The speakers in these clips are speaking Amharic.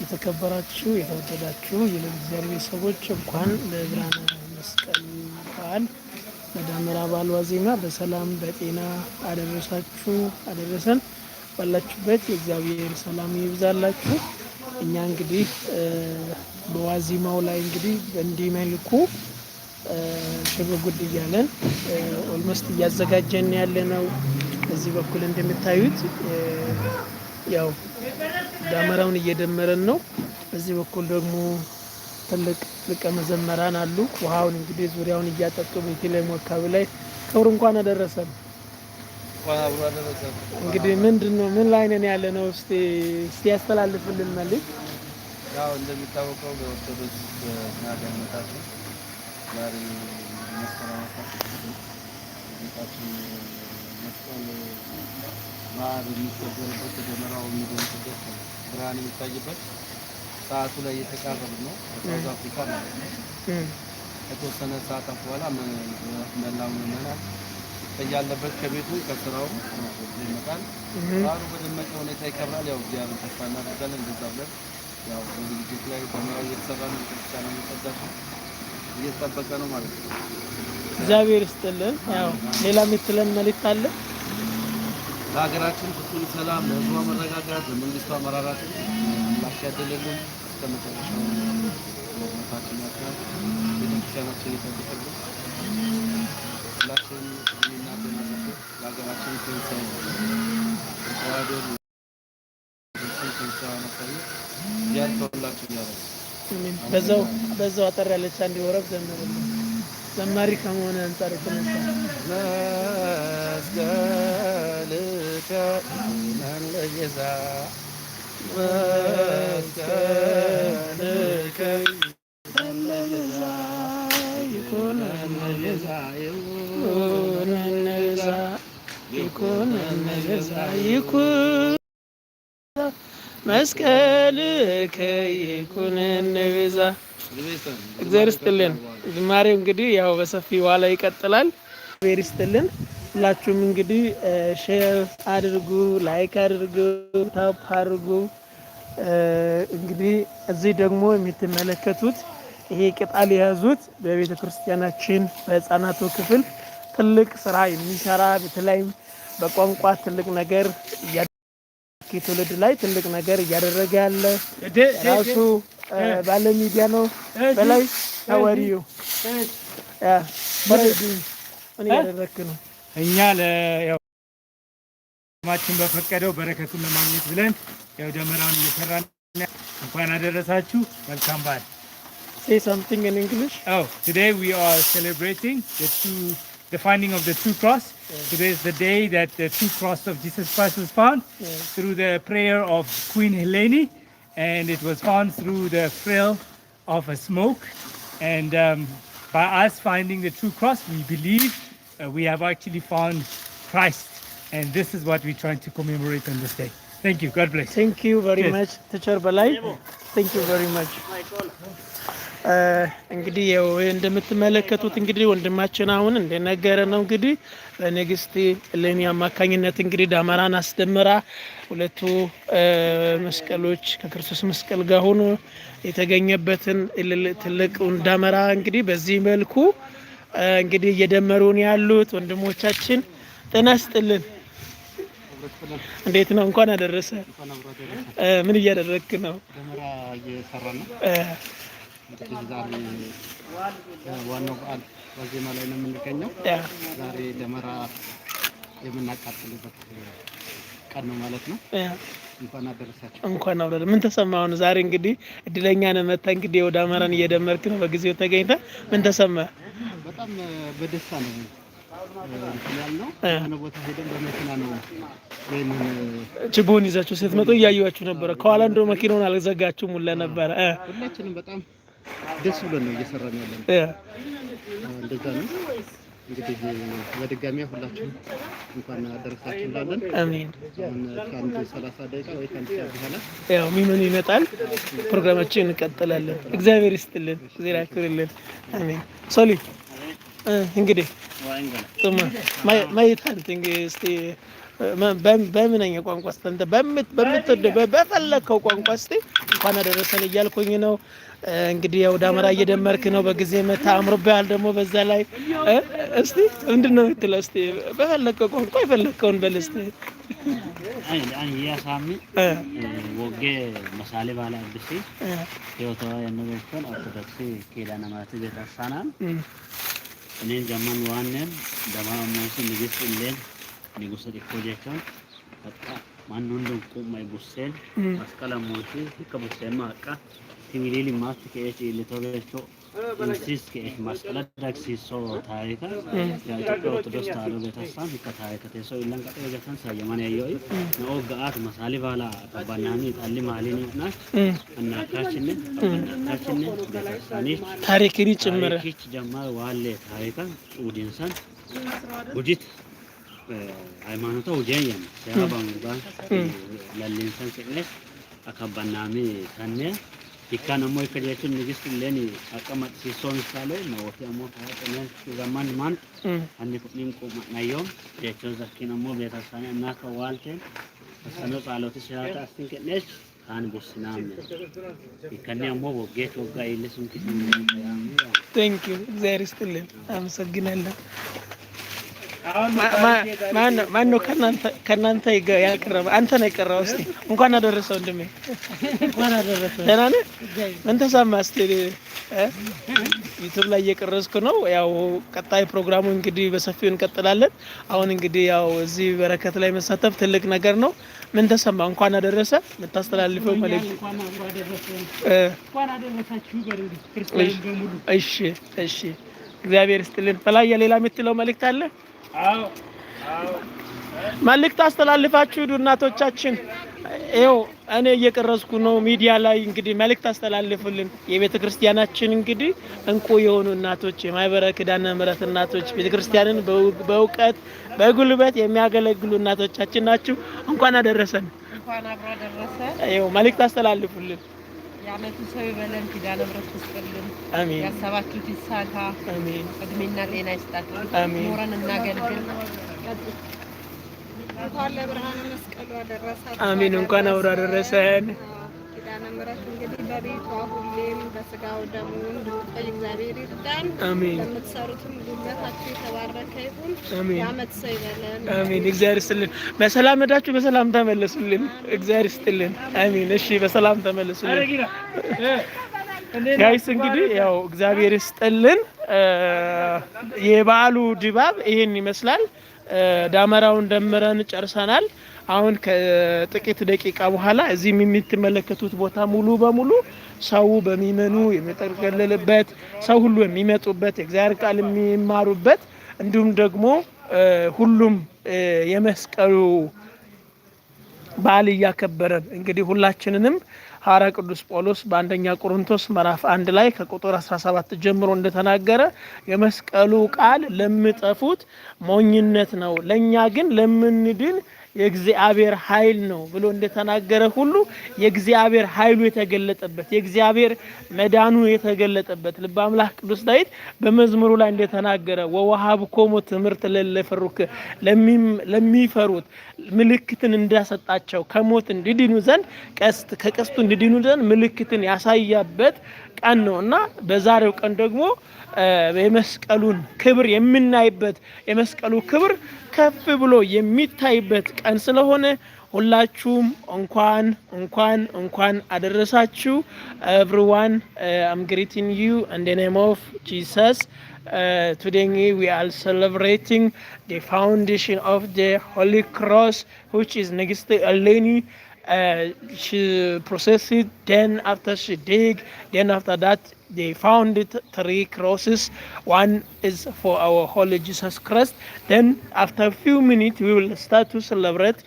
የተከበራችሁ የተወደዳችሁ የእግዚአብሔር ሰዎች እንኳን ለብርሃነ መስቀል በዓል ለደመራ በዓል ዋዜማ በሰላም በጤና አደረሳችሁ አደረሰን። ባላችሁበት የእግዚአብሔር ሰላም ይብዛላችሁ። እኛ እንግዲህ በዋዜማው ላይ እንግዲህ በእንዲህ መልኩ ሽብ ጉድ እያለን ኦልሞስት እያዘጋጀን ያለ ነው። እዚህ በኩል እንደምታዩት ያው ዳመራውን እየደመረን ነው። እዚህ በኩል ደግሞ ትልቅ ልቀ መዘመራን አሉ። ውሃውን እንግዲህ ዙሪያውን እያጠጡ ቤቴ ላይ ሞካብ ላይ ክብር እንኳን አደረሰን። እንግዲህ ምንድን ነው ምን ላይ ነን ያለ ነው። እስቲ እስቲ ያስተላልፍልን መልክ ያው እንደሚታወቀው በኦርቶዶክስ ናገመታችን ዛሬ መሰራራታችን ጌታችን መስቀል በዓል የሚከበርበት ደመራው የሚደምቅበት ብርሃን የሚታይበት ሰዓቱ ላይ እየተቃረብ ነው። ከሳውዝ አፍሪካ ማለት ነው። ከተወሰነ ሰዓት በኋላ መላው ምዕመናን ያለበት ከቤቱ ከስራው ይመጣል። በዓሉ በደመቀ ሁኔታ ይከብራል። ያው እግዚአብሔር ተስፋ እናደርጋለን። እንደዛ ብለን ያው በዝግጅት ላይ ደመራው እየተሰራ ነው። ቤተክርስቲያን የሚጠዳቸው እየተጠበቀ ነው ማለት ነው። እግዚአብሔር ይስጥልን። ያው ሌላ የምትለን መልእክት አለ? ለሀገራችን ፍጹም ሰላም፣ ለህዝቧ መረጋጋት፣ ለመንግስቱ አመራራት አምላክ ያደለልን እስከ መጨረሻው ሞታችን ያክራል። ቤተክርስቲያናችን ይጠብቅልን። ሁላችን እናገናዘ ለሀገራችን ትንሳ ተዋደ ያልተውላችሁ እያለ በዛው በዛው አጠር ያለች አንድ ወረብ ዘመረ ዘማሪ ከመሆነ አንጻር ይኩን ይኩን መስቀልከ እግዚአብሔር ይስጥልን። ዝማሬው እንግዲህ ያው በሰፊ ይቀጥላል። እግዚአብሔር ይስጥልን። ሁላችሁም እንግዲህ ሼር አድርጉ፣ ላይክ አድርጉ፣ ታፕ አድርጉ። እንግዲህ እዚህ ደግሞ የምትመለከቱት ይሄ ቅጠል የያዙት በቤተ ክርስቲያናችን ክፍል ትልቅ ስራ የሚሰራ በተለይም በቋንቋ ትልቅ ነገር ትውልድ ላይ ትልቅ ነገር እያደረገ ያለ ራሱ ባለ ሚዲያ ነው። በላይ አወሪዩ ምን እያደረክ ነው? እኛ ለማችን በፈቀደው በረከቱን ለማግኘት ብለን ያው ደመራውን እየሰራን እንኳን አደረሳችሁ። መልካም በዓል። ሴ ሳምቲንግ ኢን እንግሊሽ ቱዴይ ዊ አር ሴሌብሬቲንግ ቱ the finding of the true cross. Yes. Today is the day that the true cross of Jesus Christ was found yes. through the prayer of Queen Helene, and it was found through the frill of a smoke. And um, by us finding the true cross, we believe uh, we have actually found Christ, and this is what we're trying to commemorate on this day. Thank you. God bless. Thank you very much, Teacher Balai. ቴንክ ዩ ቨሪ ማች። እንግዲህ ያው እንደምትመለከቱት እንግዲህ ወንድማችን አሁን እንደነገረ ነው እንግዲህ በንግስት እሌኒ አማካኝነት እንግዲህ ዳመራን አስደምራ ሁለቱ uh, መስቀሎች ከክርስቶስ መስቀል ጋር ሆኖ የተገኘበትን ትልቁን ዳመራ እንግዲህ በዚህ መልኩ uh, እንግዲህ እየደመሩን ያሉት ወንድሞቻችን ጤና ይስጥልን። እንዴት ነው? እንኳን አደረሰ። ምን እያደረግክ ነው? ዋናው በዓል ዋዜማ ላይ ነው የምንገኘው። ዛሬ ደመራ የምናቃጥልበት ቀን ነው ማለት ነው። እንኳን አደረሳችሁ። እንኳን ምን ተሰማህ አሁን? ዛሬ እንግዲህ እድለኛ ነህ መተህ እንግዲህ ወደ አማራን እየደመርክ ነው። በጊዜው ተገኝተህ ምን ተሰማ በጣም በደስታ ነው ችቦን ይዛችሁ ስትመጡ እያየኋችሁ ነበረ። ከኋላ እንደው መኪናውን አልዘጋችሁም ሁላ ነበረ። ሁላችንም በጣም ደስ ብሎን ነው እየሰራን ያለን። እንደዛ ነው እንግዲህ። በድጋሚ ሁላችሁም እንኳን አደረሳችሁ እንላለን። አሜን። ከአንድ ሰላሳ ደቂቃ ወይ ከአንድ ሰዓት በኋላ ያው ሚመኑ ይመጣል። ፕሮግራማችን እንቀጥላለን። እግዚአብሔር ይስጥልን፣ እግዚአብሔር ያክብርልን። አሜን ሶሊ እንግዲህ ማየታንት እንግዲህ እስቲ በምንኛ ቋንቋ ስተንተ በምትወደ በፈለግከው ቋንቋ እስቲ እንኳን አደረሰን እያልኩኝ ነው። እንግዲህ ያው ዳመራ እየደመርክ ነው፣ በጊዜ መታ አምሮብሃል። ደግሞ በዛ ላይ እስቲ ምንድን ነው የምትለው? እስቲ በፈለግከው ቋንቋ የፈለግከውን በል እስቲ። ወጌ Kunneen gamman waannen dafaa ammoosii nigis illeen nigusa xiqqoo jechuun bakka manni hundi quumma busseen masqala ammoosii hiika busseen maaqqa timiliil immaatti ka'ee ciillitoo jechuu ಸಿಸ್ಕೆ ಮಸ್ಕಲದಾಗ ಸಿಸೋ ತಾಯಿಕ ಯಾಕೆ ኦರ್ತೋዶಕ್ಸ್ ተዋሕዶ ቤተክርስቲያን ከታይከ ተሶ ይለን ቀጠ ገተን ሰየማን ያየው ነው ጋት መሳሊ ባላ ተባናኒ ጣሊ ማሊኒ ናት እና ካችን ካችን ቤተክርስቲያን ታሪክን ጭምር ታሪክ ጀማር ዋለ ታይከ ኡዲንሰን ውጅት ሃይማኖታ ውጀን ያን ሲያባን ባ ለሊንሰን ሲነ አካባናሚ ታነ ikanomoi kaliachu nigist leni akamat si son sale na wotiamo haya tenen zaman man andi kunim ko nayo kaliachu zakinamo betasane na ka walte asano saloti shata asin kenes kan busnam ikanne ammo woge to ga ilesum kitin thank you there is still am saginalla ማን ነው ከእናንተ ያቀረበ? አንተ ነው የቀረበው። እስኪ እንኳን አደረሰ ወንድሜ፣ ደህና ነህ? ምን ተሰማህ? እስኪ ዩቱብ ላይ እየቀረስኩ ነው። ያው ቀጣይ ፕሮግራሙ እንግዲህ በሰፊው እንቀጥላለን። አሁን እንግዲህ ያው እዚህ በረከት ላይ መሳተፍ ትልቅ ነገር ነው። ምን ተሰማ? እንኳን አደረሰ የምታስተላልፈው መልእክት? እሺ፣ እሺ፣ እግዚአብሔር ይስጥልን። በላይ የሌላ የምትለው መልእክት አለ? መልእክት አስተላልፋችሁ ሂዱ እናቶቻችን። ይኸው እኔ እየቀረጽኩ ነው ሚዲያ ላይ እንግዲህ መልእክት አስተላልፉልን። የቤተ ክርስቲያናችን እንግዲህ እንቁ የሆኑ እናቶች፣ የማህበረ ኪዳነ ምሕረት እናቶች፣ ቤተ ክርስቲያንን በእውቀት በጉልበት የሚያገለግሉ እናቶቻችን ናችሁ። እንኳን አደረሰን። ይኸው መልእክት አስተላልፉልን። የዓመቱ ሰው ይበለን። ኪዳነ ምሕረት ይስጥልን። አሜን። ያሰባችሁት ይሳካ። አሜን። እድሜና ጤና ይስጣችሁ። አሜን። ኖረን እናገልግል። እንኳን ለብርሃነ መስቀሉ አደረሰን። አሜን። እንኳን አብሮ አደረሰን። ኪዳነ ምሕረት እንግዲህ በቤቷ ሁሌም በስጋው ደሙ እንድትቆይ እግዚአብሔር ይርዳን። አሜን። ለምትሰሩትም ጉልበታችሁ የተባረከ ይሁን። አሜን። ያመት ሰው ይበለን። አሜን። እግዚአብሔር ይስጥልን። በሰላም ሄዳችሁ በሰላም ተመለሱልን። እግዚአብሔር ይስጥልን። አሜን። እሺ፣ በሰላም ተመለሱልን። ጋይስ እንግዲህ ያው እግዚአብሔር ይስጥልን። የበዓሉ ድባብ ይሄን ይመስላል። ዳመራውን ደምረን ጨርሰናል። አሁን ከጥቂት ደቂቃ በኋላ እዚህም የምትመለከቱት ቦታ ሙሉ በሙሉ ሰው በሚመኑ የሚጠቀልልበት ሰው ሁሉ የሚመጡበት የእግዚአብሔር ቃል የሚማሩበት እንዲሁም ደግሞ ሁሉም የመስቀሉ በዓል እያከበረን እንግዲህ ሁላችንንም ሐዋርያ ቅዱስ ጳውሎስ በአንደኛ ቆሮንቶስ ምዕራፍ አንድ ላይ ከቁጥር 17 ጀምሮ እንደተናገረ የመስቀሉ ቃል ለሚጠፉት ሞኝነት ነው፣ ለእኛ ግን ለምንድን የእግዚአብሔር ኃይል ነው ብሎ እንደተናገረ ሁሉ የእግዚአብሔር ኃይሉ የተገለጠበት የእግዚአብሔር መዳኑ የተገለጠበት ልበ አምላክ ቅዱስ ዳዊት በመዝሙሩ ላይ እንደተናገረ ኮሞ ትምህርት ለለፈሩክ ለሚፈሩት ምልክትን እንዳሰጣቸው ከሞት እንዲድኑ ዘንድ ቀስት ከቀስቱ እንዲድኑ ዘንድ ምልክትን ያሳያበት ቀን ነው እና በዛሬው ቀን ደግሞ የመስቀሉን ክብር የምናይበት የመስቀሉ ክብር ከፍ ብሎ የሚታይበት ቀን ስለሆነ ሁላችሁም እንኳን እንኳን እንኳን አደረሳችሁ። ኤቭሪዋን አም ግሪቲንግ ዩ ኢን ዘ ኔም ኦፍ ጂሰስ today ዊ are ሴሌብሬቲንግ the foundation of the Holy Cross which is ንግሥት እሌኒ uh, she processed it. Then after she dig, then after that they found it three crosses. One is for our Holy Jesus Christ. Then after a few minutes we will start to celebrate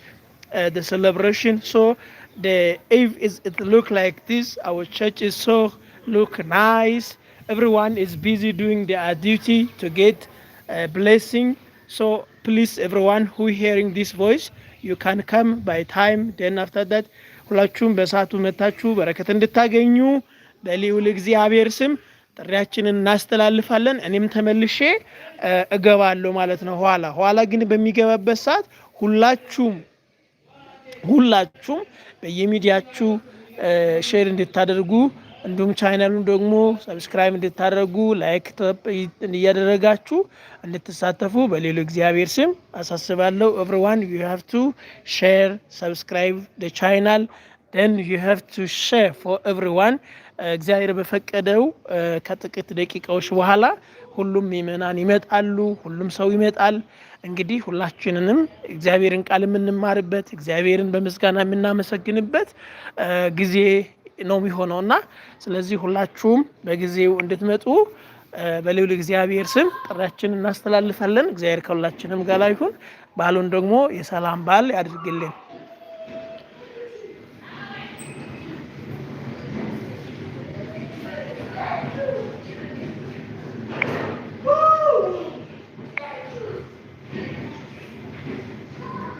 uh, the celebration. So the if is it look like this. Our church is so look nice. Everyone is busy doing their duty to get a blessing. So please, everyone who hearing this voice ዩ ካን ከም ባይ ታይም ደን አፍተር ሁላችሁም በሰዓቱ መታችሁ በረከት እንድታገኙ በልዑል እግዚአብሔር ስም ጥሪያችንን እናስተላልፋለን። እኔም ተመልሼ እገባለሁ ማለት ነው። ኋላ ኋላ ግን በሚገባበት ሰዓት ሁላችሁም ሁላችሁም በየሚዲያችሁ ሼር እንድታደርጉ እንዲሁም ቻናሉን ደግሞ ሰብስክራይብ እንድታደርጉ ላይክ እያደረጋችሁ እንድትሳተፉ በሌሎ እግዚአብሔር ስም አሳስባለሁ። ኤቭሪዋን ዩ ሃቭ ቱ ሼር ሰብስክራይብ ቻይናል ደን ዩ ሃቭ ቱ ሼር ፎር ኤቭሪዋን። እግዚአብሔር በፈቀደው uh, ከጥቂት ደቂቃዎች በኋላ ሁሉም ምእመናን ይመጣሉ። ሁሉም ሰው ይመጣል። እንግዲህ ሁላችንንም እግዚአብሔርን ቃል የምንማርበት እግዚአብሔርን በምስጋና የምናመሰግንበት uh, ጊዜ ነው የሚሆነው እና ስለዚህ ሁላችሁም በጊዜው እንድትመጡ በልዑል እግዚአብሔር ስም ጥሪያችን እናስተላልፋለን። እግዚአብሔር ከሁላችንም ጋር ይሁን። በዓሉን ደግሞ የሰላም በዓል ያድርግልን።